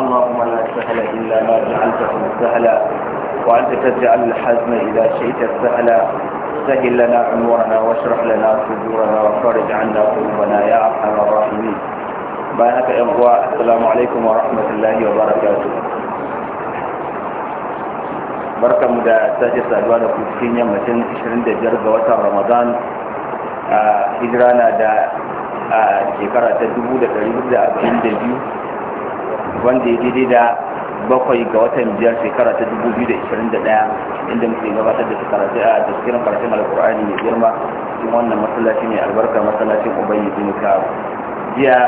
اللهم لا سهل إلا ما جعلته سهلا وأنت تجعل الحزن إذا شئت سهلا سهل لنا أمورنا واشرح لنا صدورنا وفرج عنا قلوبنا يا أرحم الراحمين بارك إخوة السلام عليكم ورحمة الله وبركاته barkanmu da sake saduwa da ku cikin yammacin 25 ga رمضان آه، هجرانا دا hijira آه، تدبو دا تريد دا ta 1442 wanda ya daidai da bakwai ga watan biyar shekara ta 2021 inda muke gabatar da karatu a tafsirin karatun alkur'ani mai girma cikin wannan masallaci mai albarka masallacin ubayi bin kawo jiya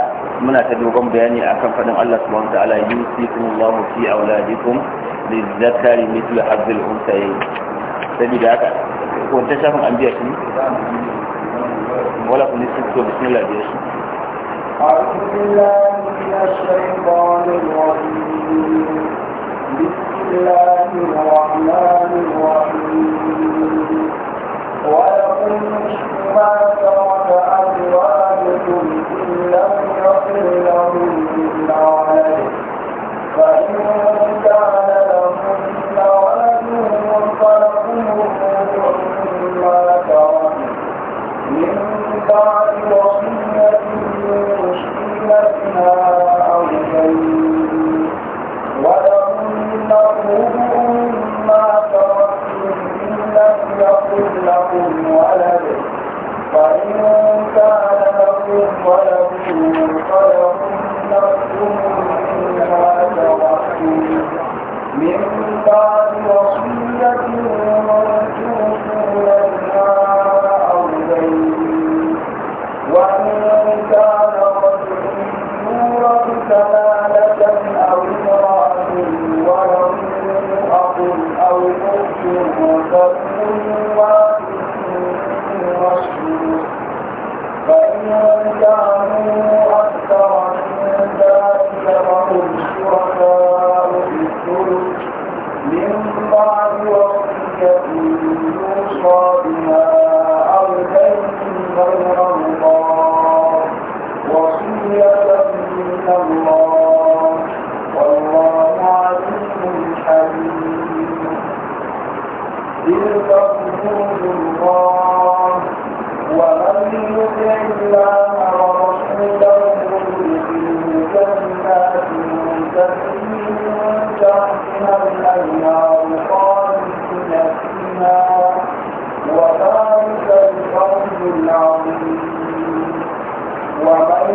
muna ta dogon bayani akan faɗin Allah subhanahu wa ta'ala yusikum Allah fi auladikum lizzakari mithlu hazzil unsayayn sabida haka wanda shafin an biya shi wala kun nisu bismillah biya shi أعوذ من الشيطان الرجيم بسم الله الرحمن الرحيم ولكم ما ترك أزواجكم إن لم يكن لهن عليه فإن كان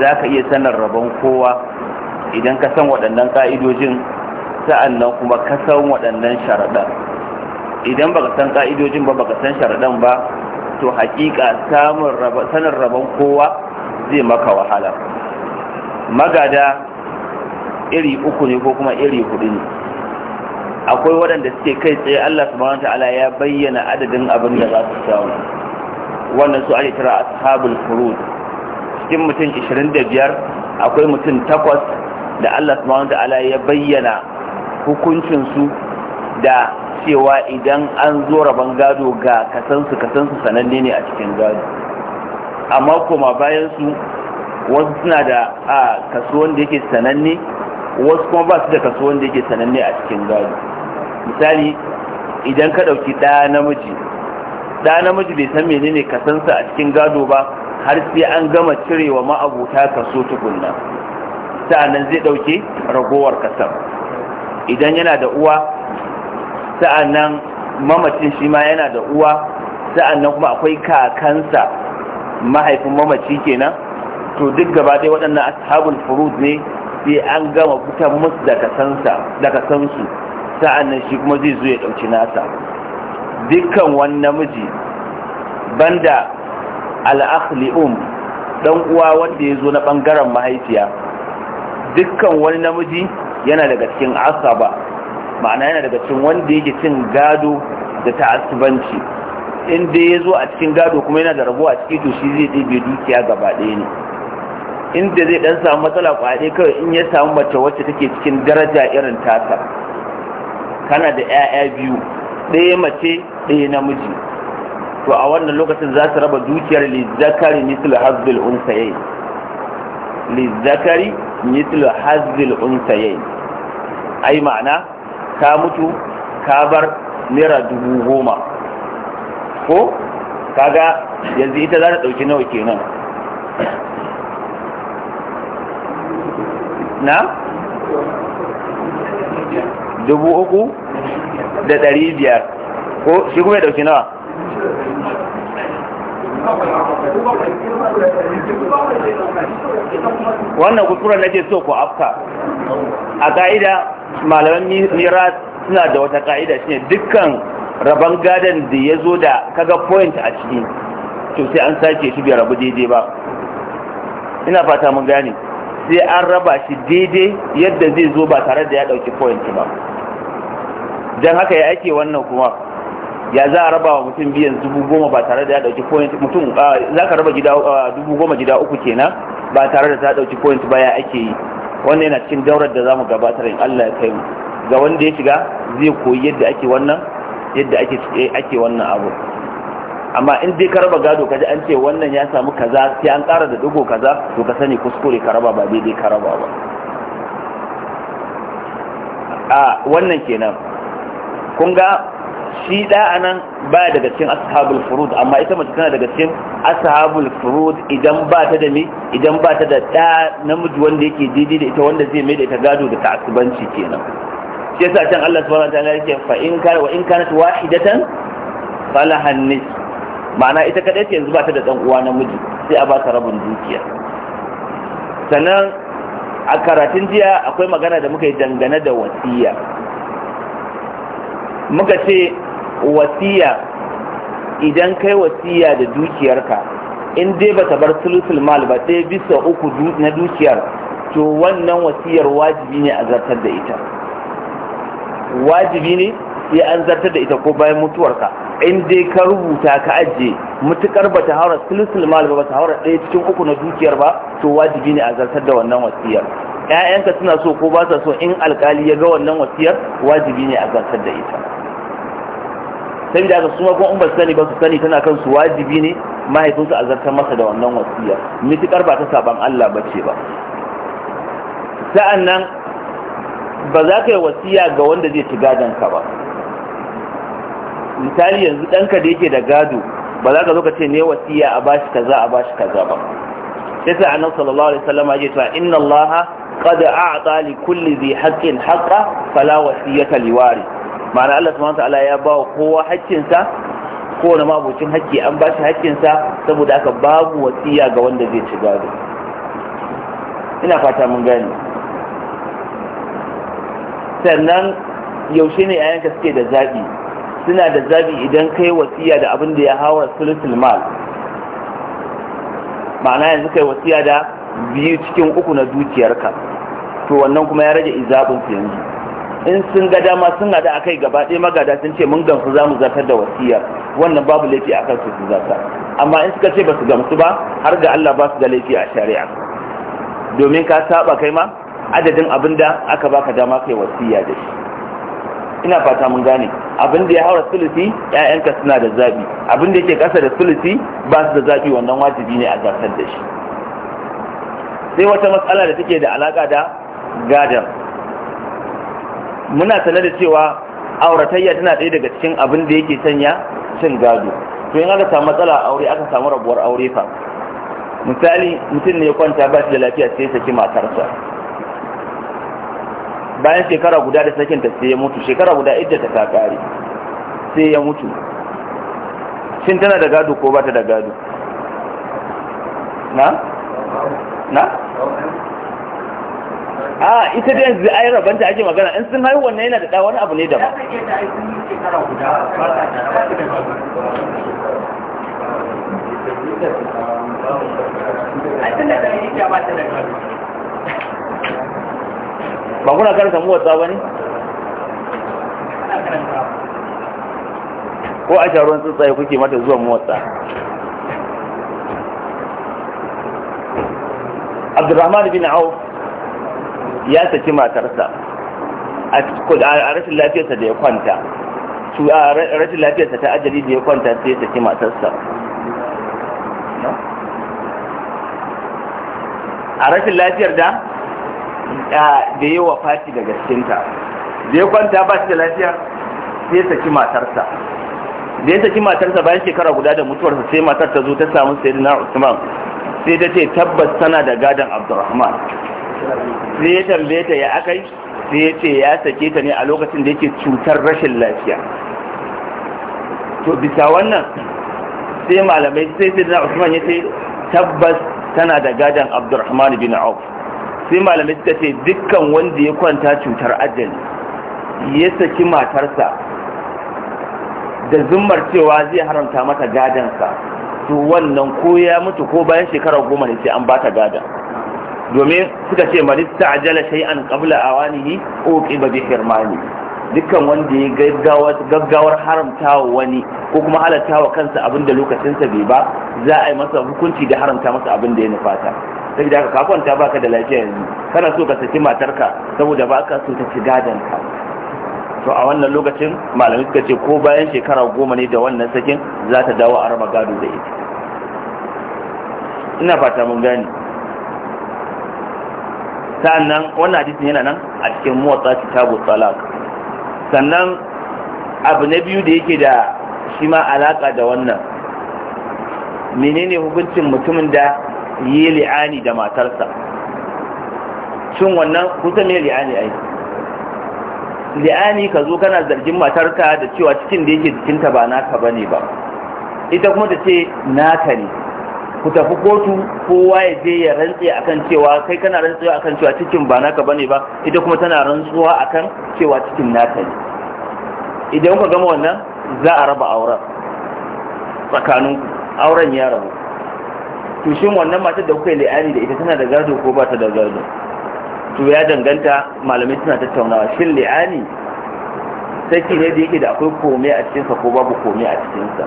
za ka iya sanin rabon kowa idan ka san waɗannan ƙa'idojin sa'annan kuma ka san waɗannan sharaɗan idan baka san ƙa'idojin ba baka san sharaɗan ba to haƙiƙa sanin rabon kowa zai maka wahala magada iri uku ne ko kuma iri hudu ne akwai waɗanda suke kai tsaye Allah subhanahu ta'ala ya bayyana adadin abin da za su samu wannan su ake kira ashabul furud cikin mutum 25 akwai mutum takwas da Allah subhanahu ta'ala ya bayyana hukuncinsu da cewa idan an zo rabon gado ga kasansu kasansu sananne ne a cikin gado amma kuma bayan su wasu suna da a kaso wanda yake sananne wasu kuma ba su da kaso wanda yake sananne a cikin gado misali idan ka ɗauki ɗaya namiji ɗaya namiji bai san menene kasansa a cikin gado ba har sai an gama cirewa ma'abuta kaso tukunna sa'annan zai ɗauke ragowar kasar idan yana da uwa sa'annan mamacin shi ma yana da uwa sa'annan kuma akwai kakansa mahaifin mamaci kenan to duk gaba dai waɗannan ashabul furud ne sai an gama fitan musu da kasansu sa'annan shi kuma zai zo ya ɗauki nasa dukkan wani namiji banda al'akhli'um dan uwa wanda ya zo na ɓangaren mahaifiya dukkan wani namiji yana daga cikin asaba ma'ana yana daga cikin wanda yake cin gado da ta asibanci, inda ya zo a cikin gado kuma yana da rabo a ciki to shi zai ɗebe dukiya gaba ɗaya ne inda zai ɗan samu matsala ƙwaɗe kawai in ya samu mace wacce take cikin daraja irin tasa kana da 'ya'ya biyu ɗaya mace ɗaya namiji to a wannan lokacin za su raba dukiyar lizzakari misl hazbil unsayayi lizzakari misl hazbil unsayayi ai ma'ana ka mutu ka bar naira dubu goma ko kaga yanzu ita za ta ɗauki nawa kenan na dubu uku da ɗari biyar ko shi kuma ya ɗauki nawa wannan kuskuren nake so ku afka a ka'ida malaman mira suna da wata ka'ida shine dukkan rabon gadon da ya zo da kaga point a ciki to sai an sake shi bai rabu daidai ba ina fata mun gane sai an raba shi daidai yadda zai zo ba tare da ya dauki point ba don haka ya ake wannan kuma ya za a raba wa mutum biyan dubu goma ba tare da ya dauki point mutum za ka raba gida dubu goma gida uku kenan ba tare da ta dauki point ba ya ake yi wannan yana cikin daurar da zamu gabatar in Allah ya kai mu ga wanda ya shiga zai koyi yadda ake wannan yadda ake ake wannan abu amma in dai ka raba gado kaji an ce wannan ya samu kaza sai an ƙara da dugo kaza to ka sani kuskure ka raba ba daidai ka raba ba a wannan kenan kun ga shi da anan ba daga cikin ashabul furud amma ita mace tana daga cikin ashabul furud idan ba ta da mi idan ba ta da da namiji wanda yake daidai da ita wanda zai mai da ita gado da ta'assubanci kenan shi yasa can Allah subhanahu wataala yake fa in kana wa in kanat wahidatan falaha nis ma'ana ita kadai ce yanzu ba ta da dan uwa namiji sai a ba ta rabin dukiya sannan a karatun jiya akwai magana da muka yi dangane da wasiya muka ce wasiya idan kai wasiya da dukiyarka in dai ba ta bar sulusul mal ba sai bisa uku na dukiyar to wannan wasiyar wajibi ne a zartar da ita wajibi ne sai an zartar da ita ko bayan mutuwarka in dai ka rubuta ka ajiye mutukar ta haura sulusul mal ba ta haura ɗaya cikin uku na dukiyar ba to wajibi ne a zartar da wannan wasiyar ƴaƴanka suna so ko ba sa so in alkali ya ga wannan wasiyar wajibi ne a zartar da ita sai da aka suma kuma in ba su sani ba su sani tana kan su wajibi ne mahaifinsu a zartar masa da wannan wasiya mitikar ba ta saban Allah ba ce ba sa'an nan ba za ka yi wasiya ga wanda zai ci gadon ka ba misali yanzu ɗanka da yake da gado ba za ka zo ka ce ne wasiya a bashi kaza a bashi kaza ba sai sa annabi sallallahu alaihi wasallam ya ce inna Allah qad a'ta li kulli dhi haqqin haqqa fala wasiyata liwari ma'ana Allah subhanahu ta'ala ya ba kowa haƙƙinsa na mabucin haƙƙi an ba shi haƙƙinsa saboda aka babu wasiya ga wanda zai ci gado ina fata mun gani. sannan yaushe ne yayanka suke da zaɓi suna da zaɓi idan kai wasiya da abin da ya hawa sulutul mal ma'ana yanzu kai wasiya da biyu cikin uku na dukiyarka to wannan kuma ya rage izabinsu yanzu in sun ga dama sun hada kai gaba ɗaya magada sun ce mun gamsu za mu zartar da wasiyar wannan babu laifi a kan su su zarta amma in suka ce ba su gamsu ba har ga Allah ba su da laifi a shari'a domin ka saba kai ma adadin abin da aka baka dama kai wasiya da shi ina fata mun gane abin da ya haura sulusi ƴaƴanka suna da zabi abin da yake ƙasa da sulusi ba su da zabi wannan wajibi ne a zartar da shi sai wata matsala da take da alaka da gadar muna sanar da cewa auratayya tana ɗaya daga cikin abin da yake sanya cin gado to in aka samu matsala a aure aka samu rabuwar aure fa misali mutum ne ya kwanta ba shi da lafiya sai saki matarsa bayan shekara guda da sakin ta sai ya mutu shekara guda idda ta kakare sai ya mutu shin tana da gado ko ba ta da gado na na a ita da yanzu ai rabanta ake magana in sun haihu wannan yana da ɗa wani abu ne da ba Ba kuna kan mu wata ne? ko a sun tsuntsaye kuke mata zuwa mu wata abdurrahman bin auf ya saki matarsa a rashin lafiyarsa da ya kwanta su a rashin lafiyarsa ta ajali da ya kwanta sai ya saki matarsa a rashin lafiyar da da yi wa fati da gaskinta da ya kwanta ba shi da lafiya sai ya saki matarsa da ya saki matarsa bayan shekara guda da mutuwarsa sai matar ta zo ta samu sayyidina usman sai ta ce tabbas tana da gadon abdurrahman sai ya tambaye ta ya akai sai ya ce ya sake ta ne a lokacin da yake cutar rashin lafiya to bisa wannan sai malamai sai sai na usman ya ce tabbas tana da gadon abdurrahman bin auf sai malamai suka ce dukkan wanda ya kwanta cutar ajali ya saki matarsa da zummar cewa zai haramta mata gadansa to wannan ko ya mutu ko bayan shekara goma ne sai an ba ta gadon. domin suka ce kabla a wani qabla awanihi uqiba bi hirmani dukkan wanda ya gaggawar gaggawar haramta wa wani ko kuma halatta wa kansa abin da lokacinsa bai ba za a yi masa hukunci da haramta masa abin da ya nufata sai da ka kwanta baka da lafiya yanzu kana so ka saki matarka saboda baka so ta ci gadon ka to a wannan lokacin malami suka ce ko bayan shekara goma ne da wannan sakin za ta dawo a raba gado da ita ina fata mun gani sannan wannan hadisi yana nan a cikin motsa kitabu talak sannan abu na biyu da yake da shi ma alaka da wannan menene hukuncin mutumin da yi li'ani da matarsa shin wannan kusa mai li'ani ai li'ani ka zo kana zargin matarka da cewa cikin da yake jikinta ba naka bane ba ita kuma ta ce naka ne ku tafi kotu kowa ya je ya rantse akan cewa kai kana rantsuwa akan cewa cikin ba naka bane ba ita kuma tana rantsuwa akan cewa cikin naka ne idan kuka gama wannan za a raba auren tsakanin auren ya rabu to shin wannan matar da kuka yi la'ani da ita tana da gado ko ba ta da gado to ya danganta malamai suna tattaunawa shin la'ani saki ne da yake da akwai kome a cikinsa ko babu kome a cikinsa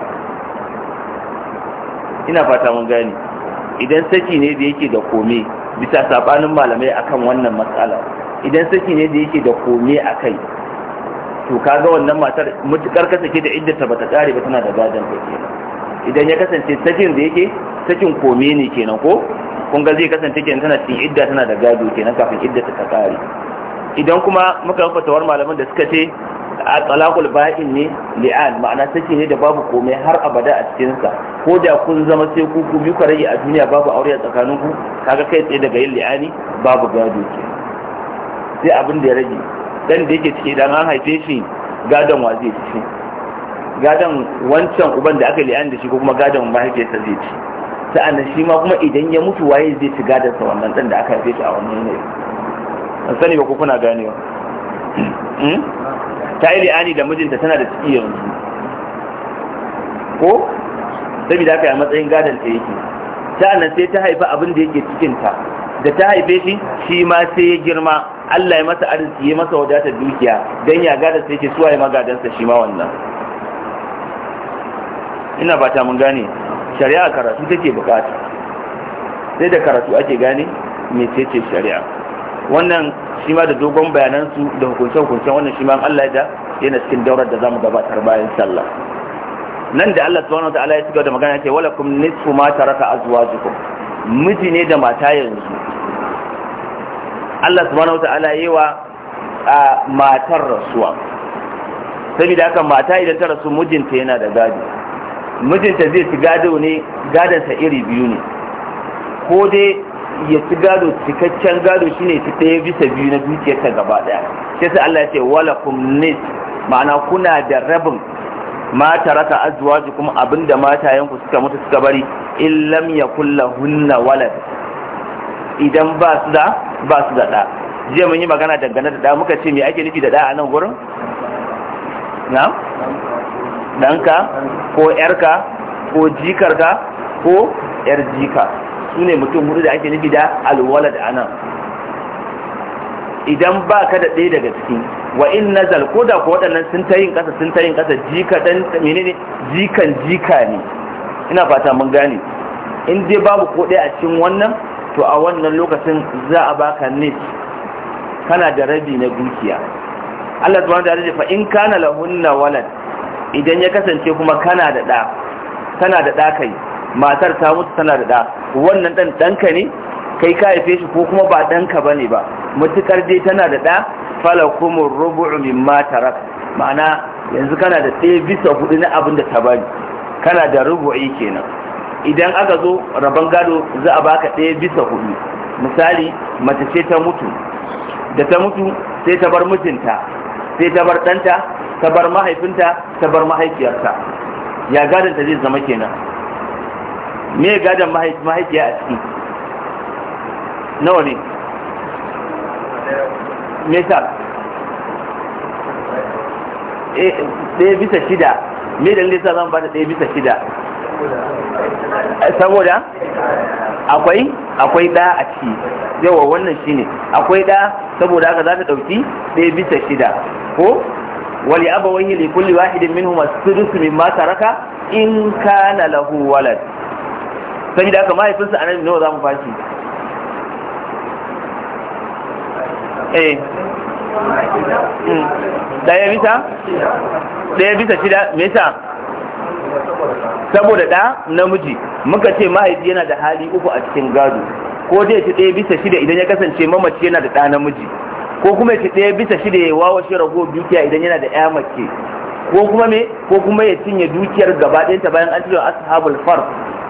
ina fata mun gani idan saki ne da yake da kome bisa sabanin malamai akan wannan matsala idan saki ne da yake da kome a kai to kaga wannan matar mutukar ka sake da iddata bata kare ba tana da gadon ta kenan idan ya kasance sakin da yake sakin kome ne kenan ko kun ga zai kasance kenan tana cikin idda tana da gado kenan kafin iddata ta kare idan kuma muka yi tawar malaman da suka ce talaqul ba'in ne li'an ma'ana take ne da babu komai har abada a cikin sa ko da kun zama sai ku ku bi kwarai a duniya babu aure a tsakanin ku kaga kai tsaye daga yin li'ani babu gado ke sai abin da ya rage dan da yake ciki dan an haife shi gadon wa zai ci gadon wancan uban da aka li'an da shi ko kuma gadon mahaifiyarsa zai ci sa'annan shi ma kuma idan ya mutu waye zai ci gadon sa wannan dan da aka haife shi a wannan ne an sani ba ko kuna ganewa hmm? ta yi la'ani da mijinta tana da ciki yanzu ko da kai a matsayin gadon ta yake sa'annan sai ta haifa abin da yake cikinta da ta haife shi shi ma sai ya girma Allah ya masa arziki ya masa wadatar dukiya dan ya gada sai ke suwaye magadansa shi ma wannan ina ba ta mun gane shari'a karatu take bukata sai da karatu ake gane ce shari'a wannan shi ma da dogon bayanansu da hukunce hukunce wannan shi ma Allah ya yana cikin daurar da za mu gabatar bayan sallah nan da Allah subhanahu wataala ya cigaba da magana yake wala kum nisfu ma taraka azwajukum miji ne da mata yanzu Allah subhanahu wataala yawa a matar rasuwa saboda haka mata idan ta rasu mijinta yana da gado mijinta zai ci gado ne gadon sa iri biyu ne ko dai ya ci gado cikakken gado shine ta ɗaya bisa biyu na dukiyarta gaba ɗaya shi sai Allah ya ce walakum nis ma'ana kuna da rabin ma taraka Kuma abinda yanku suka mutu suka bari in lam kulla hunna walad idan ba su da ba su da da je mun yi magana dangane da da muka ce me ake nufi da da a nan gurin na'am danka ko yarka ko jikarka ko yar jika su ne mutum hudu da ake nufi da alwalad anan idan ba ka da ɗaya daga ciki wa in nazal ko da ko waɗannan sun ta yin ƙasa sun ta yin ƙasa jika dan menene jikan jika ne ina fata mun gane in dai babu ko ɗaya a cikin wannan to a wannan lokacin za a baka net kana da rabi na dukiya Allah subhanahu wa ta'ala fa in kana lahunna walad idan ya kasance kuma kana da ɗa kana da ɗa kai matar ta mutu tana da ɗa wannan ɗan ɗanka ne kai ka haife shi ko kuma ba ɗanka bane ba mutukar dai tana da ɗa fala kuma rubu'u mimma tarak ma'ana yanzu kana da ɗaya bisa hudu na abin da ta bari kana da rubu'i kenan idan aka zo rabon gado za a baka ɗaya bisa hudu misali mace ce ta mutu da ta mutu sai ta bar mijinta sai ta bar ɗanta ta bar mahaifinta ta bar mahaifiyarta ya gadon ta zai zama kenan me gadon mahaifiya a ciki nawa ne mesa eh, ɗaya bisa shida me da lisa zan bada ɗaya bisa shida saboda akwai akwai ɗa a ciki yawa wannan shi ne, akwai ɗa saboda haka za ta ɗauki ɗaya bisa shida ko wali abawaihi li kulli wahidin minhum as su mimma taraka in kana lahu walad da aka mahaifinsa annabi nawa za mu fashi eh daya hmm. bisa daya bisa shida me yasa saboda da namiji muka ce mahaifi yana da hali uku a cikin gado ko dai ci ɗaya bisa shida idan ya kasance mamaci yana da ɗa namiji ko kuma ci ɗaya bisa shida ya wawa shi rago dukiya idan yana da ya mace ko kuma me ko kuma ya cinye dukiyar gaba ɗayanta bayan an cewa ashabul far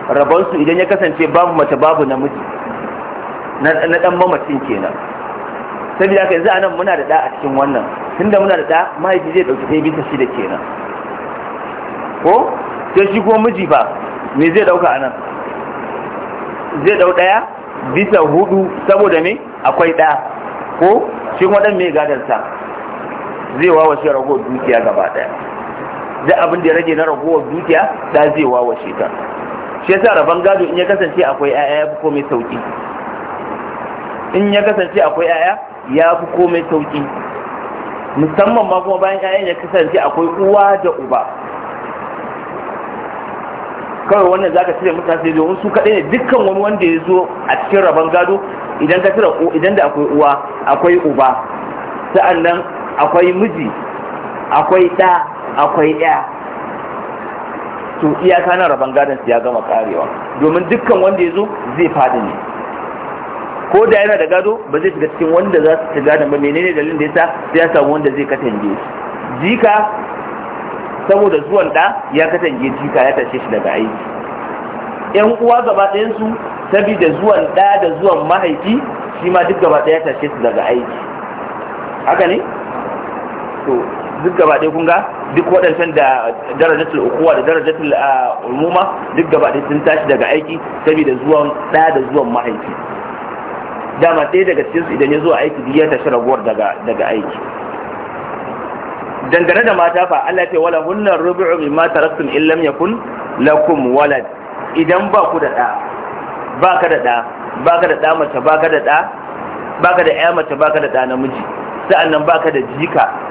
rabonsu idan ya kasance babu mace babu namiji na dan mamacin kenan saboda haka yanzu anan muna da da a cikin wannan tunda muna da da mahaifi zai dauki sai bisa shida kenan ko sai shi kuma miji ba me zai dauka anan zai dau daya bisa hudu saboda me akwai da ko shi kuma dan me gadarsa zai wawa shi rago dukiya gaba daya da abin da ya rage na ragowar dukiya da zai wawa shi ta shi yasa rabon gado in ya kasance akwai yaya ya fi komai sauki in ya kasance akwai yaya ya fi komai sauki musamman ma kuma bayan yayan ya kasance akwai uwa da uba kawai wannan zaka cire mutane sai domin su kaɗai ne dukkan wani wanda ya zo a cikin rabon gado idan ka cire idan da akwai uwa akwai uba sa'an nan akwai miji akwai ɗa akwai ɗaya to iyaka na rabon gadon ya gama karewa domin dukkan wanda ya zo zai faɗi ne ko da yana da gado ba zai shiga cikin wanda za su ci gadon ba menene dalilin da yasa sai ya samu wanda zai katange jika saboda zuwan da ya katange jika ya tashe shi daga aiki yan uwa gaba ɗayan su saboda zuwan da da zuwan mahaifi shi ma duk gaba ɗaya ya tashe su daga aiki haka ne to duk gaba ɗaya kun ga duk waɗancan da darajatul ukuwa da darajatul ah, umuma duk gaba da sun tashi daga aiki saboda zuwan ɗa da zuwan mahaifi dama ɗaya daga cikin su idan ya zo aiki biyar ta shi raguwar daga daga aiki dangane da mata fa Allah ya ce wala hunna rubu'u mimma taraktum in lam yakun lakum walad idan ba ku da ɗa ba ka da ɗa ba ka da ɗa mace ba ka da ɗa ba ka da ƴa mace ba ka da ɗa namiji sa'annan ba ka da jika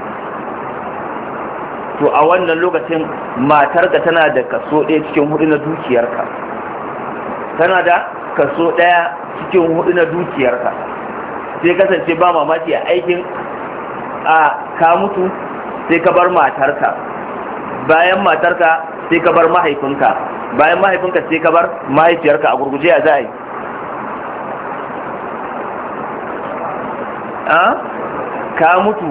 to a wannan lokacin matar ka tana da kaso ɗaya cikin hudu na dukiyarka tana da kaso ɗaya cikin hudu na dukiyarka sai kasance ba mamaki a aikin a ka mutu sai ka bar matarka bayan matarka sai ka bar mahaifinka bayan mahaifinka sai ka bar mahaifiyarka a gurguje a za'a yi ka mutu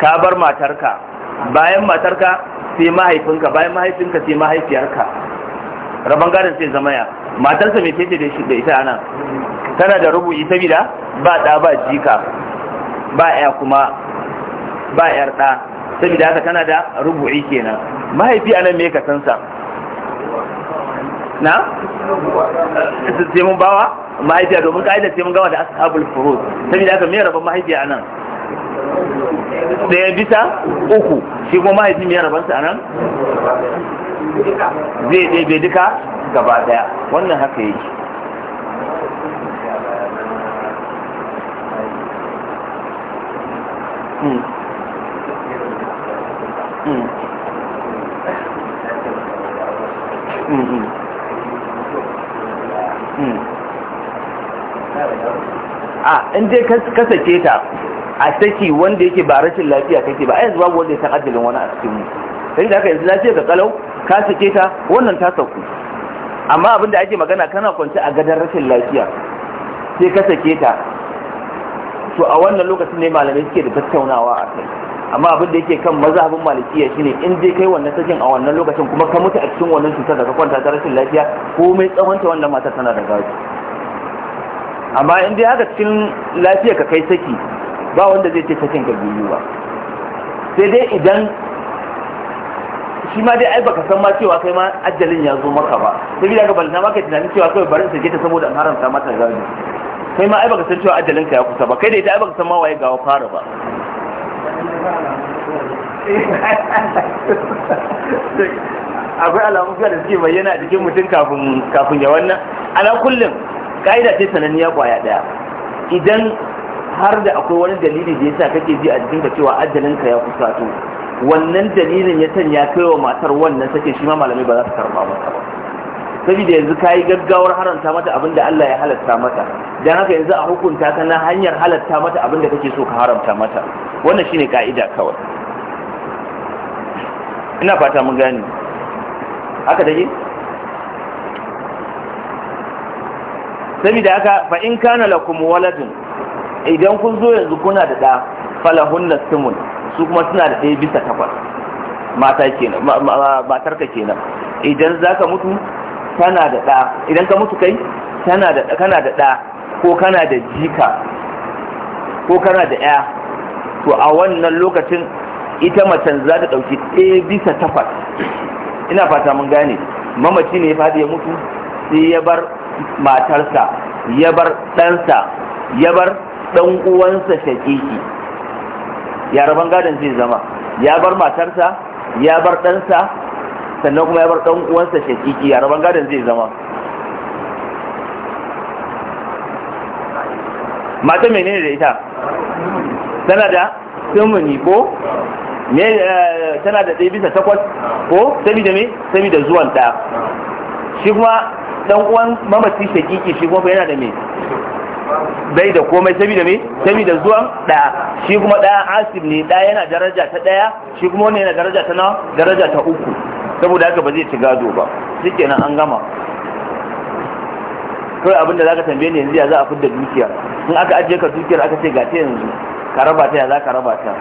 ka bar matarka bayan matarka sai mahaifinka bayan mahaifinka sai mahaifiyarka rabon gadon sai zama ya matarsa mai tece da ita ana tana da rubu'i sabida ba ɗa ba jika ba ya kuma ba yar ɗa sabida haka tana da rubu'i kenan mahaifi anan me ka sansa na? sai mun bawa mahaifiya domin ka'idar sai mun gawa da asabul furu sabida haka me rabon mahaifiya anan ɗaya bisa uku shi kuma mahaifin ya rabansa a nan zai ɗebe duka gaba daya wannan haka yake hmm. hmm. hmm, A ah, in dai ka ta a saki wanda yake ba rashin lafiya kake ba ayyanzu babu wanda ya san ajalin wani a cikin mu sai da haka yanzu lafiya ka kalau ka sake ta wannan ta sauku amma abin da ake magana kana kwance a gadon rashin lafiya sai ka sake ta to a wannan lokacin ne malamai suke da tattaunawa a kai amma abin da yake kan mazhabin malikiya shine in dai kai wannan sakin a wannan lokacin kuma ka mutu a cikin wannan cutar da ka kwanta ta rashin lafiya komai tsawonta wannan matar tana da gaji amma in dai haka cikin lafiya ka kai saki ba wanda zai ce sakin cinka biyu ba sai dai idan shi ma dai ai baka san ma cewa kai ma ajalin ya zo maka ba sai daga balna maka tunanin cewa kai barin sai ta saboda an haramta mata gani kai ma ai baka san cewa ajalin ka ya kusa ba kai da ita ai baka san ma waye gawa fara ba akwai alamun fiya da suke bayyana a jikin mutum kafin kafin ya wannan ala kullum ka'ida ce sananniya kwaya daya idan har da akwai wani dalili da yasa kake ji a jikinka cewa ajalinka ya kusato wannan dalilin ya sanya kaiwa matar wannan sake shi ma malamai ba za su karba masa ba saboda yanzu ka yi gaggawar haranta mata abin da Allah ya halatta mata don haka yanzu a hukunta ka na hanyar halatta mata abin da kake so ka haramta mata wannan shine ka'ida kawai ina fata mun gane haka take saboda haka fa in kana lakum waladun idan kun zo yanzu kuna da ɗa na simun su kuma suna da ɗaya bisa takwas mata kenan matar ka kenan idan za ka mutu tana da ɗa idan ka mutu kai tana da kana da ɗa ko kana da jika ko kana da ɗaya to a wannan lokacin ita macen za ta ɗauki ɗaya bisa takwas ina fata mun gane mamaci ne ya faɗi ya mutu sai ya bar matarsa ya bar ɗansa ya bar dan uwansa shaƙiƙi ya raban gadon zai zama ya bar matarsa ya bar ɗansa sannan kuma ya bar ɗan uwansa shaƙiƙi ya raban gadon zai zama mata menene da ita tana da sumuni ko eh, tana da ɗaya bisa takwas ko sabida da me sabida da zuwan ɗaya shi kuma ɗan uwan mamaci shaƙiƙi shi kuma yana da me bai da komai saboda me saboda zuwan ɗaya shi kuma ɗaya asib ne ɗaya yana daraja ta ɗaya shi kuma wani yana daraja ta nawa daraja ta uku saboda haka ba zai ci gado ba nan an gama kawai abin da zaka tambaye ni yanzu ya za a fidda dukiya in aka ajiye ka dukiyar aka ce ga ta yanzu ka raba ta ya za ka raba ta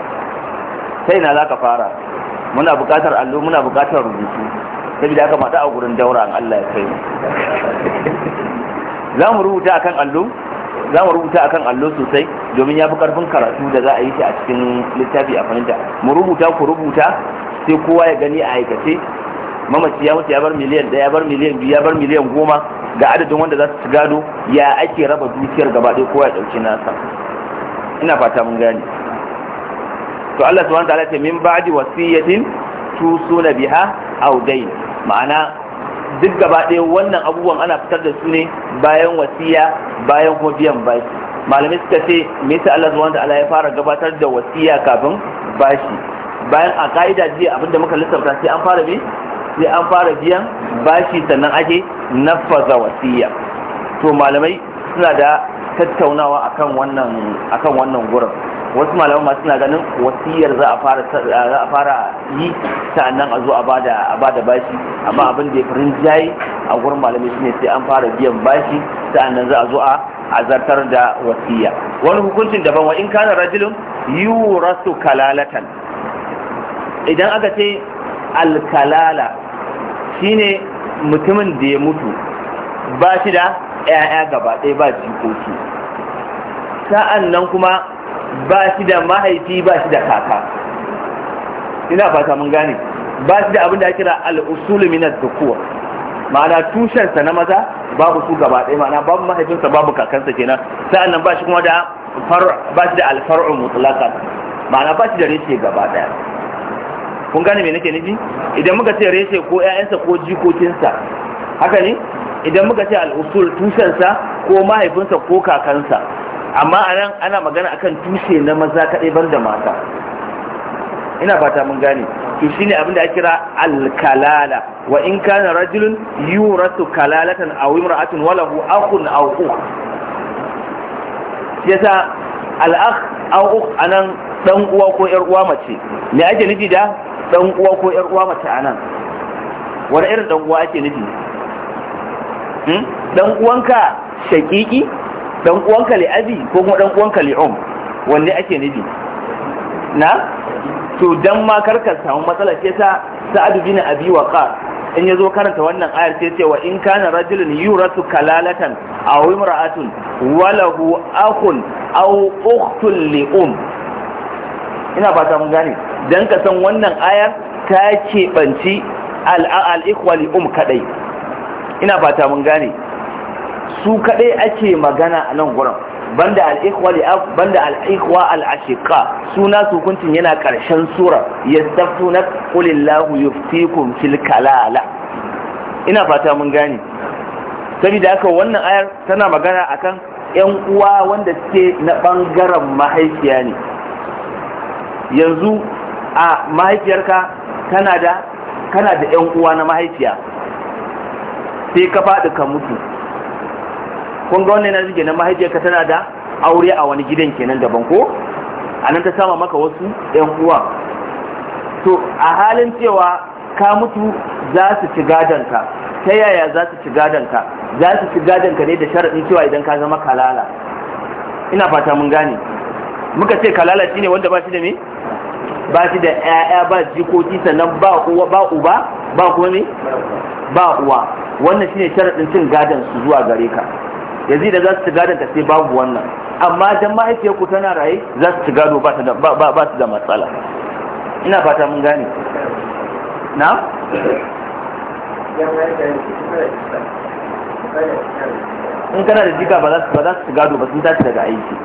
sai na za ka fara muna buƙatar allo muna buƙatar rubutu saboda haka mata a gurin daura an Allah ya kai mu za mu rubuta akan allo za mu rubuta akan allo sosai domin ya fi karfin karatu da za a yi shi a cikin littafi a fahimta mu rubuta ku rubuta sai kowa ya gani a aikace mamaci ya mutu ya bar miliyan ɗaya ya bar miliyan biyu ya bar miliyan goma ga adadin wanda za su ci gado ya ake raba dukiyar gaba ɗaya kowa ya ɗauki nasa ina fata mun gane to Allah subhanahu wa ta'ala ce min ba'di wasiyatin tusuna biha aw dayn ma'ana duk gaba ɗaya wannan abubuwan ana fitar da su ne bayan wasiya bayan kuma biyan bashi malamai suka ce me yasa Allah zuwa da Allah ya fara gabatar da wasiya kafin bashi bayan a ka'ida jiya abinda muka lissafta sai an fara bi sai an fara biyan bashi sannan ake nafaza wasiya to malamai suna da tattaunawa akan wannan akan wannan gurin wasu malamai masu na ganin wasiyar za a fara yi ta nan yi sa'annan a zo a ba a bashi amma abin da ya farin jayi a gurin malamai shine sai an fara biyan bashi sa'annan za a zo a azartar da wasiya wani hukuncin daban wa in kana rajulun yurasu kalalatan idan aka ce alkalala shine mutumin da ya mutu ba shi da 'ya'ya gaba ɗaya ba jikoki sa'an nan kuma ba shi da mahaifi ba shi da kaka ina fata mun gane ba shi da abin da kira al'usulu minas kuwa. ma'ana tushensa na maza babu su gaba ɗaya ma'ana babu mahaifinsa babu kakansa kenan sa'an nan ba shi kuma da ba shi da alfar'u mutlaka ma'ana ba shi da reshe gaba ɗaya kun gane me nake nufi idan muka ce reshe ko ƴaƴansa ko jikokinsa haka ne idan muka ce al'usul tushensa ko mahaifinsa ko kakansa amma a nan ana magana akan tushe na maza kaɗai ban da mata ina fata mun gane to shine abin da ake kira alkalala wa in kana rajulun yurasu kalalatan aw imra'atun wa lahu akhun aw ukh yasa al-akh aw ukh anan dan uwa ko yar uwa mace me ake nufi da dan uwa ko yar uwa mace anan wani irin dan uwa ake nufi hmm? dan uwanka shakiki dan uwanka li abi ko kuma dan uwanka li um wanne ake nufi na to dan ma karka samu matsala ce ta sa'ad bin abi waqa in yazo karanta wannan ayar sai ce wa in kana rajulun yuratu kalalatan aw imra'atun wa akhun aw ukhtun li um ina ba ta mun gane dan ka san wannan ayar ta keɓanci al-ikhwa li um kadai ina ba ta mun gane su kaɗai ake magana a nan gurin banda al'ikwa li'af banda al'ikwa al'ashiqa suna su kuntin yana karshen sura yastafuna qulillahu yuftikum fil kalala ina fata mun gane saboda haka wannan ayar tana magana akan yan uwa wanda suke na bangaren mahaifiya ne yanzu a mahaifiyarka kana da kana da yan uwa na mahaifiya sai ka faɗi ka mutu kun ga wannan yana na mahaifiyarka tana da aure a wani gidan kenan daban ko a nan ta sama maka wasu yan uwa to a halin cewa ka mutu za su ci gadonka ta yaya za su ci gadonka za su ci gadonka ne da sharaɗin cewa idan ka zama kalala ina fata mun gane muka ce kalala shi ne wanda ba shi da me ba shi da 'ya'ya ba jikoki sannan ba uwa ba uba ba kuma me ba uwa wannan shine sharaɗin cin gadon su zuwa gare ka yanzu da za su ci gadon ta sai babu wannan amma dan mahaifiyar ku tana raye za su ci gado ba su da matsala ina fata mun gane na in kana da jika ba za su gado ba sun tashi daga aiki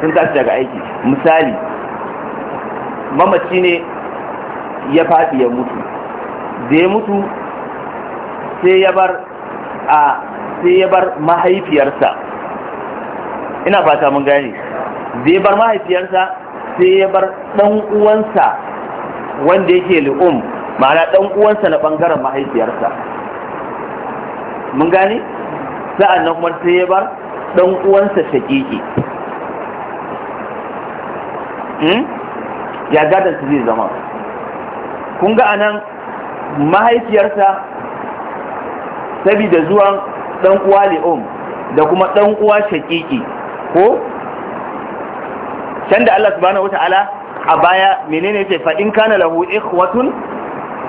sun tashi daga aiki misali mamaci ne ya faɗi ya mutu da ya mutu sai ya bar a sai ya bar mahaifiyarsa ina fata mun gani zai bar mahaifiyarsa sai ya bar ɗan uwansa wanda yake li'um ma'ana ɗan uwansa na ɓangaren mahaifiyarsa mun gani sa'an nan kuma sai ya bar ɗan uwansa shaƙiƙi hmm? ya gadon su zai zama kun ga anan mahaifiyarsa sabida zuwan dan uwa li'um da kuma dan uwa shaqiqi ko san da Allah subhanahu wataala a baya menene ce fa in kana lahu ikhwatun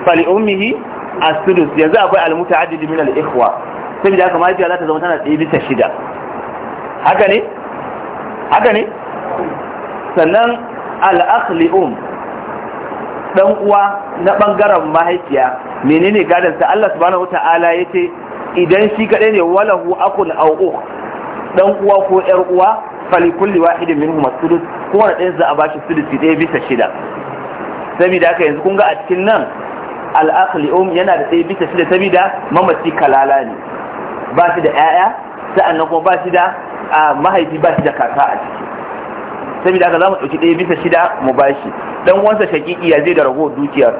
fali ummihi as-sudus yanzu akwai al-muta'addid min al-ikhwa sai da kamar ya ta zama tana tsaye ta shida haka ne haka ne sannan al-akhli um dan uwa na bangaren mahaifiya menene gadan sa Allah subhanahu wataala yace idan shi kadai ne walahu akun aw ukh dan uwa ko yar uwa fali kulli wahidin minhum as-sudus wanda ɗayan za a bashi sudusi ɗaya bisa shida saboda haka yanzu kun ga a cikin nan al-akhli um yana da ɗaya bisa shida saboda mamaci kalala ne ba shi da ƴaƴa sa'annan kuma ba shi da mahaifi ba shi da kaka a ciki saboda haka za mu ɗauki ɗaya bisa shida mu bashi dan uwansa shaƙiƙi ya zai da ragowar dukiyar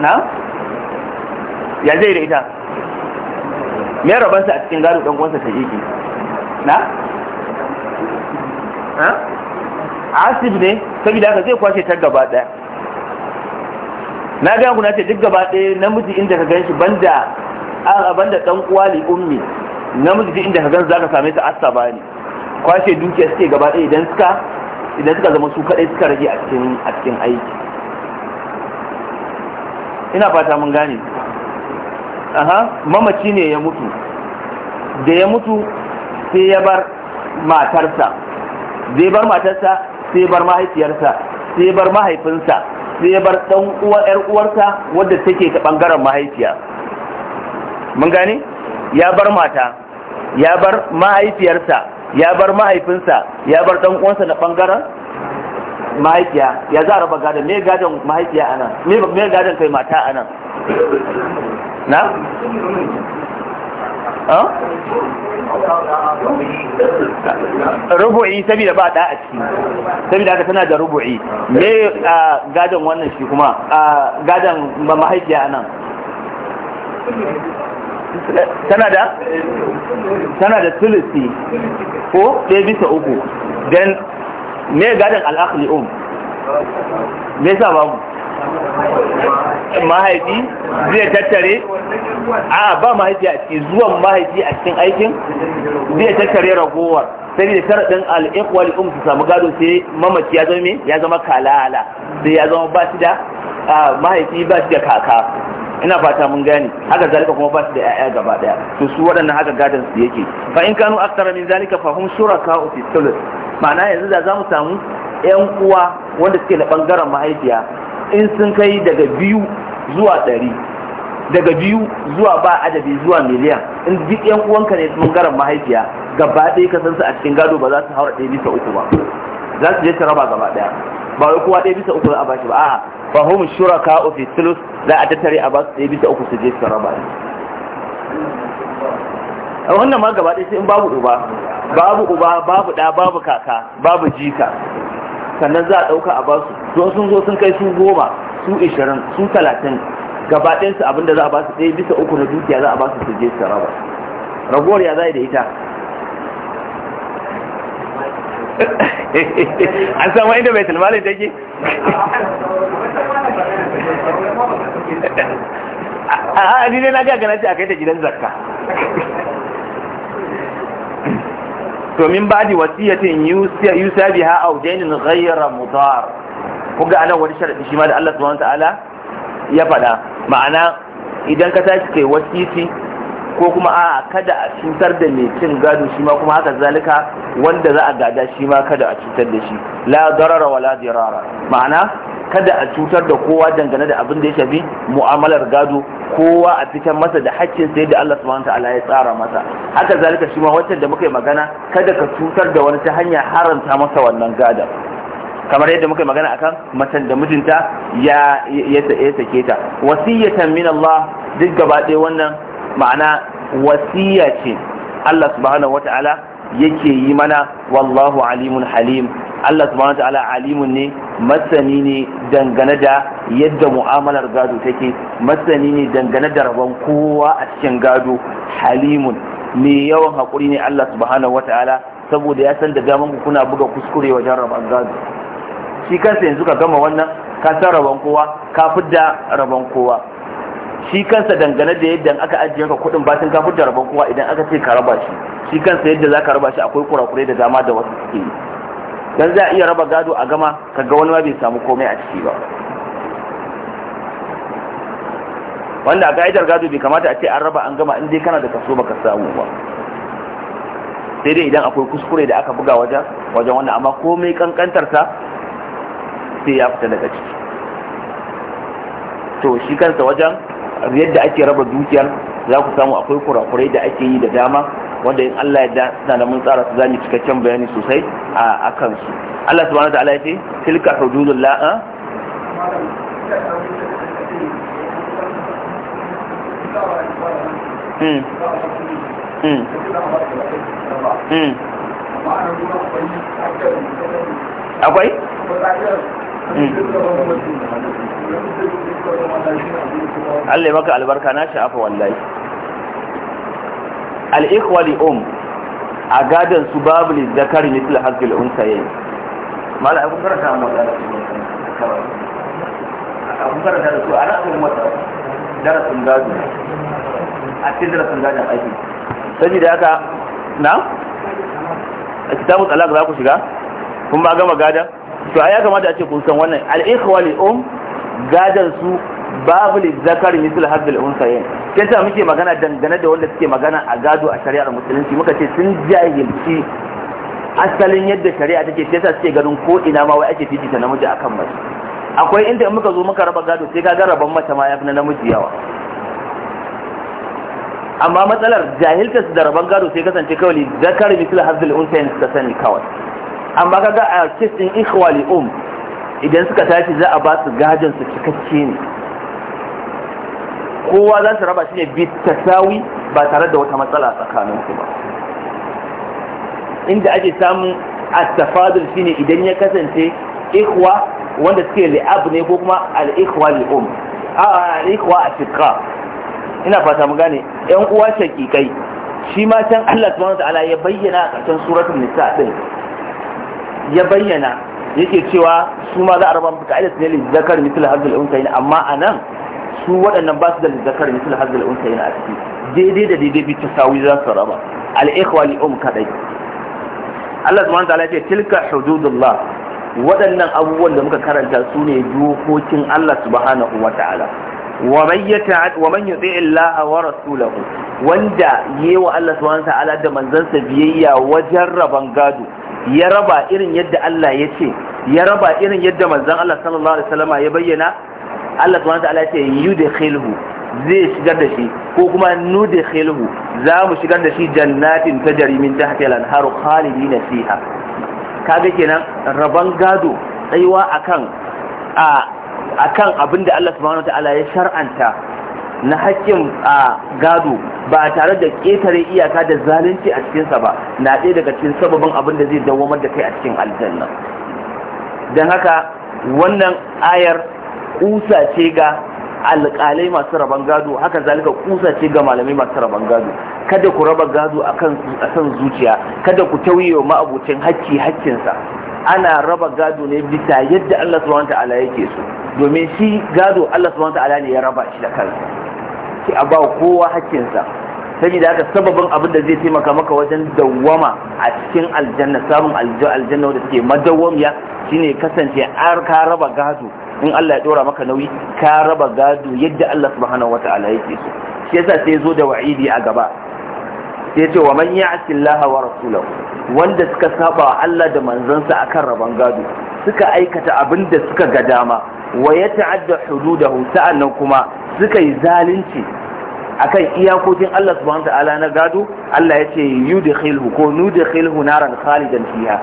na ya zai da ita me sa a cikin gado dan uwansa ta yake na ha asib ne saboda haka zai kwashe ta gaba daya na ga kuna ce duk gaba daya namiji inda ka ganshi banda a banda dan uwa li ummi namiji duk inda ka gan zaka same ta asaba ne kwashe dukiya suke gaba daya idan suka idan suka zama su kadai suka rage a cikin a cikin aiki ina fata mun gane aha mamaci ne ya mutu da ya mutu sai ya bar matarsa zai bar matarsa sai bar mahaifiyarsa sai bar mahaifinsa sai bar dan uwa yar uwarsa wadda take ta bangaren mahaifiya mun gane ya bar mata ya bar mahaifiyarsa ya bar mahaifinsa ya bar dan uwansa na bangaren mahaifiya ya za a raba gadon me gadon mahaifiya anan me me gadon kai mata anan na? rubu'i saboda ba da a ciki saboda haka tana da rubu'i me gadon wannan shi kuma gadon ba mahaifiya anan tana da tana da tulisi ko ɗaya bisa uku don me gadon al'akali'un um? me sa babu mahaifi zai tattare a ba mahaifi a cikin zuwan mahaifi a cikin aikin zai tattare ragowar tara ɗin al'ikwal um su samu gado sai mamaci ya zama ya zama kalala sai ya zama ba shi da mahaifi ba shi da kaka ina fata mun gani, haka zalika kuma ba shi da ƴaƴa gaba daya to su waɗannan haka gadon su yake fa in kanu aktara min zalika fa hum shuraka fi thuluth ma'ana yanzu da zamu samu ƴan uwa wanda suke da bangaren mahaifiya in sun kai daga biyu zuwa ɗari daga biyu zuwa ba adadi zuwa miliyan in duk yan uwanka ne sun garan mahaifiya gaba ɗaya ka san su a cikin gado ba za su haura ɗaya bisa uku ba za su je su raba gaba ɗaya ba wai kowa ɗaya bisa uku za a bashi ba a'a fa hum shuraka fi thuluth za a tattare a ba su ɗaya bisa uku su je su raba a wannan ma gaba ɗaya sai in babu uba babu uba babu ɗa babu kaka babu jika sannan za a ɗauka a basu to sun zo sun kai su goma su ishirin su talatin gaba ɗayansu abin za a ba su ɗaya bisa uku na dukiya za a ba su su je su raba ragowar ya za da ita an samu inda bai tilmalin take a ni dai na ga gana ce a kai ta gidan zakka to min ba'di wasiyatin yusa biha aw daynin ghayra mudar kuga anan wani sharadi shi ma da Allah subhanahu ta'ala ya faɗa ma'ana idan ka tashi kai wasiti ko kuma a kada a cutar da mai cin gado shi ma kuma haka zalika wanda za a gada shi ma kada a cutar da shi la darara wala dirara ma'ana kada a cutar da kowa dangane da abin da ya shafi mu'amalar gado kowa a fitar masa da haƙƙin sai da Allah subhanahu ta'ala ya tsara masa haka zalika shi ma wancan da muka yi magana kada ka cutar da wani ta hanya haramta masa wannan gadon kamar yadda muka magana akan matan da mijinta ya ya sake ta wasiyatan min Allah duk gaba ɗaya wannan ma'ana wasiya ce Allah subhanahu wata'ala yake yi mana wallahu alimun halim Allah subhanahu wata'ala alimun ne masani ne dangane da yadda mu'amalar gado take masani ne dangane da rabon kowa a cikin gado halimun mai yawan hakuri ne Allah subhanahu wata'ala saboda ya san da damanku kuna buga kuskure wajen rabon gado shi kansa yanzu ka gama wannan ka san rabon kowa ka fidda rabon kowa shi kansa dangane da yadda aka ajiye ka kuɗin sun ka fidda rabon kowa idan aka ce ka raba shi shi kansa yadda za ka raba shi akwai kurakurai da dama da wasu suke yi dan za a iya raba gado a gama ka ga wani ma bai samu komai a ciki ba wanda a ga'idar gado bai kamata a ce an raba an gama in dai kana da kaso baka samu ba sai dai idan akwai kuskure da aka buga wajen wajen wannan amma komai kankantarsa ta sai ya fita daga ciki to shi kansa wajen yadda ake raba dukiyar za ku samu akwai kurakurai da ake yi da dama wanda in Allah ya da suna da mun tsara su zamu cikakken bayani sosai a akan su Allah subhanahu wa ta'ala ya ce tilka hududullah Mm. Mm. Mm. Akwai? Mm. Allah maka albarka na shi afa wallahi al ikhwali um a gadan su babu ne da ne tula hazil unsa yayi mala abu karanta mu da abu karanta da su ana abu mata darasin gadi a cikin darasin a aiki sai da haka na a kitabu talaq za ku shiga kun ba gama gadon to a ya kamata a ce kun san wannan al um gadan su babu li zakari misal hadil unsayin kin ta muke magana dangane da wanda suke magana a gado a shari'ar musulunci muka ce sun jahilci asalin yadda shari'a take sai ta suke ganin ko ina ma wai ake ta namiji akan mace akwai inda in muka zo muka raba gado sai kaga raban mace ma yafi na namiji yawa amma matsalar jahilta su da raban gado sai kasance kawai zakar misal hadil unsayin suka sani kawai amma kaga ga kisin ikhwali um idan suka tashi za a ba su gajin su cikakke ne kowa za su raba shi ne bi tasawi ba tare da wata matsala tsakanin su ba inda ake samun astafadul shi shine idan ya kasance ikhwa wanda suke li'ab ne ko kuma al-ikhwa li'um a al-ikhwa asiqa ina fata mu gane yan uwa shakikai shi ma can Allah subhanahu wa ta'ala ya bayyana a ƙarshen suratul nisa din ya bayyana yake cewa su ma za a raba musu ka'ida ne lil zakar misal hazal unsayin amma a nan, su waɗannan ba su da zakar misal hazal unsayin a ciki daidai da daidai bi sawi za su raba al ikhwa li um kadai Allah subhanahu wataala ce tilka hududullah waɗannan abubuwan da muka karanta su ne dokokin Allah subhanahu wataala wa man yata'ad wa man yuti Allah wa rasulahu wanda yewa Allah subhanahu wataala da manzansa biyayya wajen raban gado ya raba irin yadda Allah ya ce ya raba irin yadda manzon Allah sallallahu alaihi wasallama ya bayyana Allah subhanahu wataala ya ce yudkhilhu zai shigar da shi ko kuma nudkhilhu za mu shigar da shi jannatin tajri min tahtiha al-anharu khalidina fiha kaga kenan raban gado tsayuwa akan a akan abinda Allah subhanahu wataala ya shar'anta na hakkin a gado ba tare da ƙetare iyaka da zalunci a cikinsa ba na ɗaya daga cikin sababin abin da zai dawamar da kai a cikin aljanna don haka wannan ayar kusa ce ga alƙalai masu rabon gado haka zalika kusa ce ga malamai masu rabon gado kada ku raba gado a kan zuciya kada ku tauye wa ma'abucin hakki hakkinsa ana raba gado ne bisa yadda Allah subhanahu ta'ala yake so domin shi gado Allah subhanahu ta'ala ne ya raba shi da kansa shi a ba kowa sa saboda haka sababin abin da zai taimaka maka wajen dawwama a cikin aljanna samun aljanna wanda take madawwamiya shine kasance har ka raba gado in Allah ya dora maka nauyi ka raba gado yadda Allah subhanahu wata'ala yake so shi yasa sai zo da wa'idi a gaba sai ce wa man asi laha wa rasulahu wanda suka saba wa Allah da manzansa akan rabon gado suka aikata abin da suka ga dama wa ya ta'adda hududahu sa'annan kuma suka yi zalunci akan iyakokin Allah subhanahu ta'ala na gado Allah ya ce yudkhilhu ko nudkhilhu naran khalidan fiha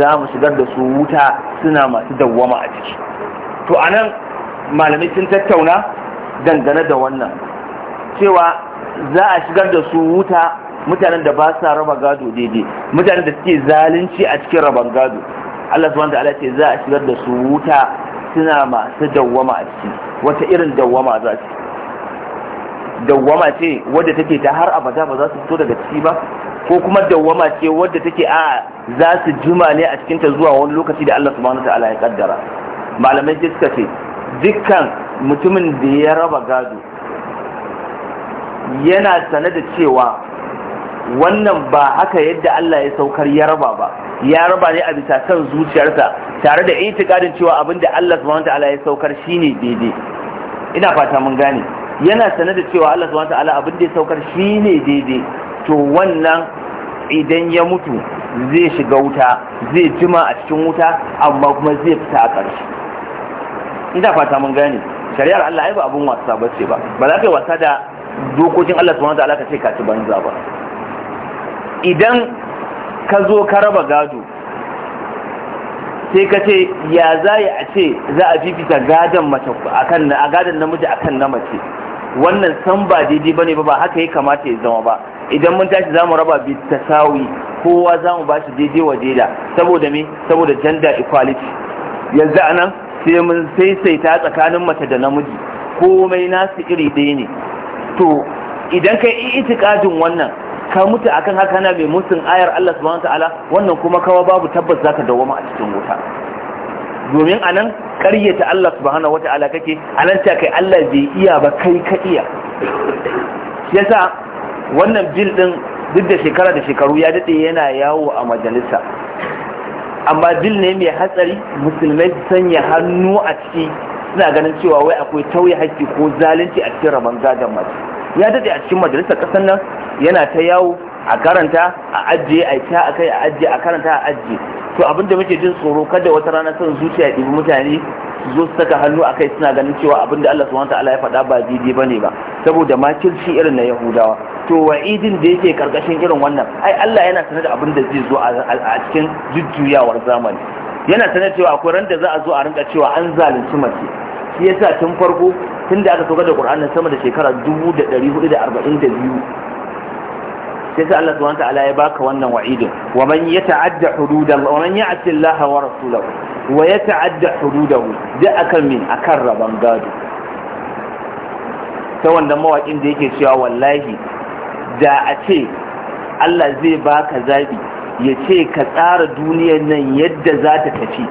za mu shigar da su wuta suna masu dawwama a ciki to anan malamai sun tattauna dangane da wannan cewa za a shigar da su wuta mutanen da ba sa raba gado daidai mutanen da suke zalunci a cikin raban gado Allah subhanahu ta'ala ce za a shigar da su wuta suna masu dawwama a ciki wata irin dawwama za su dawwama ce wadda take ta har abada ba za su fito daga ciki ba ko kuma dawwama ce wadda take a za su juma ne a cikinta zuwa wani lokaci da Allah subhanahu ta'ala ya kaddara malamai sai suka ce dukkan mutumin da ya raba gado yana sane da cewa wannan ba haka yadda Allah ya saukar ya raba ba ya raba ne a bisa kan zuciyarsa tare da itikadin cewa abin da Allah subhanahu ta'ala ya saukar shine daidai ina fata mun gane yana sane da cewa Allah subhanahu wataala abin da ya saukar shine daidai to wannan idan ya mutu zai shiga wuta zai jima a cikin wuta amma kuma zai fita a ƙarshe ina fata mun gane shari'ar Allah ai ba abun wasa bace ba ba za ka yi wasa da dokokin Allah subhanahu ta'ala ka ce ka ci banza ba idan ka zo ka raba gado sai ka ce ya za a ce za a fifita gadon mace a gadon namiji akan na mace wannan san ba daidai ne ba ba haka ya kamata ya zama ba idan mun tashi za mu raba bi sawi kowa ba bashi daidai wa daida saboda me saboda gender equality yanzu anan sai mun saisaita tsakanin mace da namiji komai nasu iri ɗaya ne to idan kai itikadin wannan ka mutu akan haka na mai mutun ayar Allah subhanahu ta'ala wannan kuma kawa babu tabbas zaka dawoma a cikin wuta domin anan ƙaryata Allah subhanahu wata'ala kake anan ta kai Allah bai iya ba kai ka iya yasa wannan bil din duk da shekara da shekaru ya dade yana yawo a majalisa amma bil ne mai hatsari musulmai sanya hannu a ciki suna ganin cewa wai akwai tauye hakki ko zalunci a cikin rabon gadon mace ya dade a cikin majalisar kasar nan yana ta yawo a karanta a ajiye a ta a kai a ajiye a karanta a ajiye to abin da muke jin tsoro kada wata rana sun zuciya ɗibi mutane su zo su saka hannu a kai suna ganin cewa abin da Allah subhanahu ta'ala ya faɗa ba daidai ba ne ba saboda makirci irin na Yahudawa to wa'idin da yake karkashin irin wannan ai Allah yana sanar da abin da zai zo a cikin jujjuyawar zamani yana sanar cewa akwai ran da za a zo a rinka cewa an zalunci mace shi sa tun farko tun da aka sogar da qur'anin sama da shekara 1442 sai sai Allah subhanahu ta'ala ya baka wannan wa'idin wa man yata'adda hududahu wa man ya'ti Allah wa rasulahu wa yata'adda hududahu da akan min akan raban gado ta wanda mawaƙin da yake cewa wallahi da a ce Allah zai baka zabi ya ce ka tsara duniyar nan yadda za ta tafi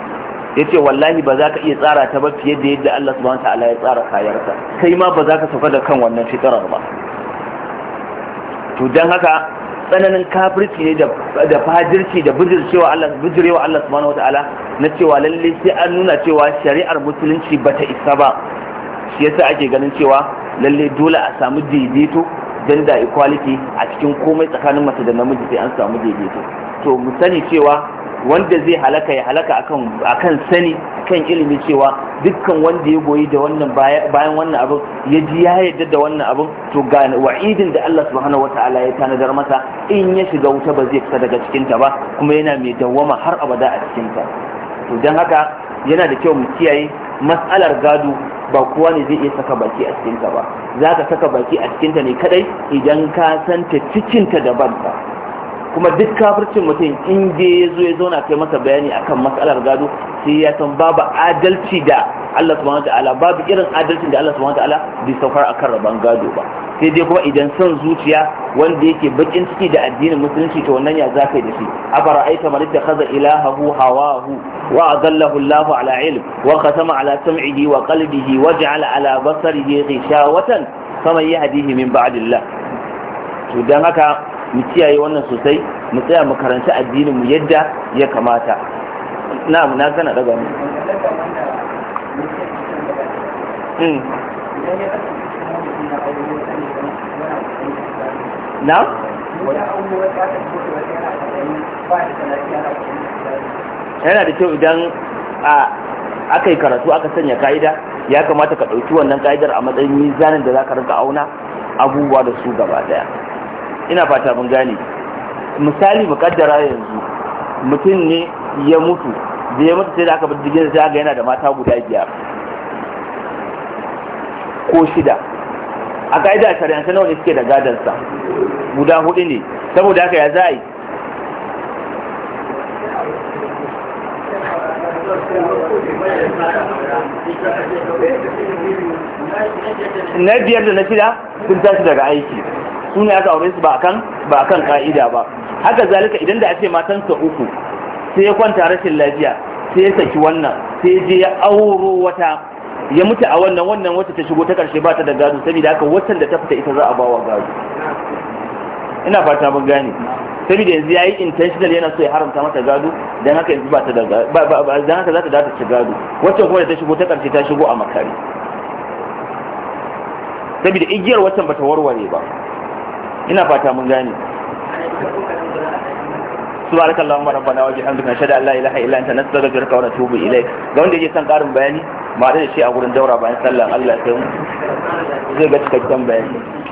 ya ce wallahi ba za ka iya tsara ta ba fiye da yadda Allah subhanahu ta'ala ya tsara kayarsa kai ma ba za ka sauka da kan wannan fitarar ba to don haka tsananin kafirci ne da fajirci da bijircewa Allah bijirewa Allah subhanahu ta'ala na cewa lalle sai an nuna cewa shari'ar musulunci bata isa ba shi yasa ake ganin cewa lalle dole a samu daidaito gender equality a cikin komai tsakanin mace da namiji sai an samu daidaito to mu sani cewa wanda zai halaka ya halaka akan akan sani kan ilimi cewa dukkan wanda ya goyi da wannan bayan wannan abin ya ji ya yarda da wannan abin to ga wa'idin da Allah subhanahu wataala ya tanadar masa in ya shiga wuta ba zai fita daga cikin ta ba kuma yana mai dawwama har abada a cikin ta to dan haka yana da kyau mu kiyaye mas'alar gado ba kowa ne zai iya saka baki a cikin ta ba za ka saka baki a cikin ta ne kadai idan ka san ta cikin ta daban ta kuma duk kafircin mutum in je ya zo ya zauna kai masa bayani akan matsalar gado sai ya san babu adalci da Allah subhanahu wataala babu irin adalcin da Allah subhanahu wataala bai saukar akan rabon gado ba sai dai kuma idan son zuciya wanda yake bakin ciki da addinin musulunci to wannan ya zaka da shi afara aita man ittakhadha ilahahu hawahu wa adallahu Allah ala ilm wa khatama ala sam'ihi wa qalbihi wa ja'ala ala basarihi ghishawatan faman yahdihi min ba'dillah to dan haka mu kiyaye wannan sosai mu tsaya mu karanci addinin mu yadda ya kamata na na gana daga mu hmm. na yana da kyau idan aka yi karatu aka sanya ka'ida ya kamata ka ɗauki wannan ka'idar a matsayin mizanin da za ka rinka auna abubuwa da su gaba daya ina fata mun gane misali mu kaddara yanzu mutum ne ya mutu da ya mutu sai da aka bar jirgin sai ga yana da mata guda biyar ko shida a ka'ida a shari'ance nawa ne suke da gadansa guda hudu ne saboda haka ya za yi na biyar da na shida sun tashi daga aiki sune aka aure su ba akan ba kan ka'ida ba haka zalika idan da a ce matansa uku sai ya kwanta rashin lafiya sai ya saki wannan sai je ya auro wata ya mutu a wannan wannan wata ta shigo ta karshe ba ta da gado saboda haka watan da ta fita ita za a bawa gado ina fata mun gane saboda yanzu yayi intentional yana so ya haramta mata gado dan haka yanzu ba ta da ba dan haka za ta dace ci gado wacce kuma da ta shigo ta karshe ta shigo a makare saboda igiyar wacce bata warware ba ina fata mun gane subhanaka allahumma rabbana wa bihamdika nashhadu an la ilaha illa anta nastaghfiruka wa natubu ilayk ga wanda yake son karin bayani ma da shi a gurin daura bayan sallah Allah kai mu zai ga cikakken bayani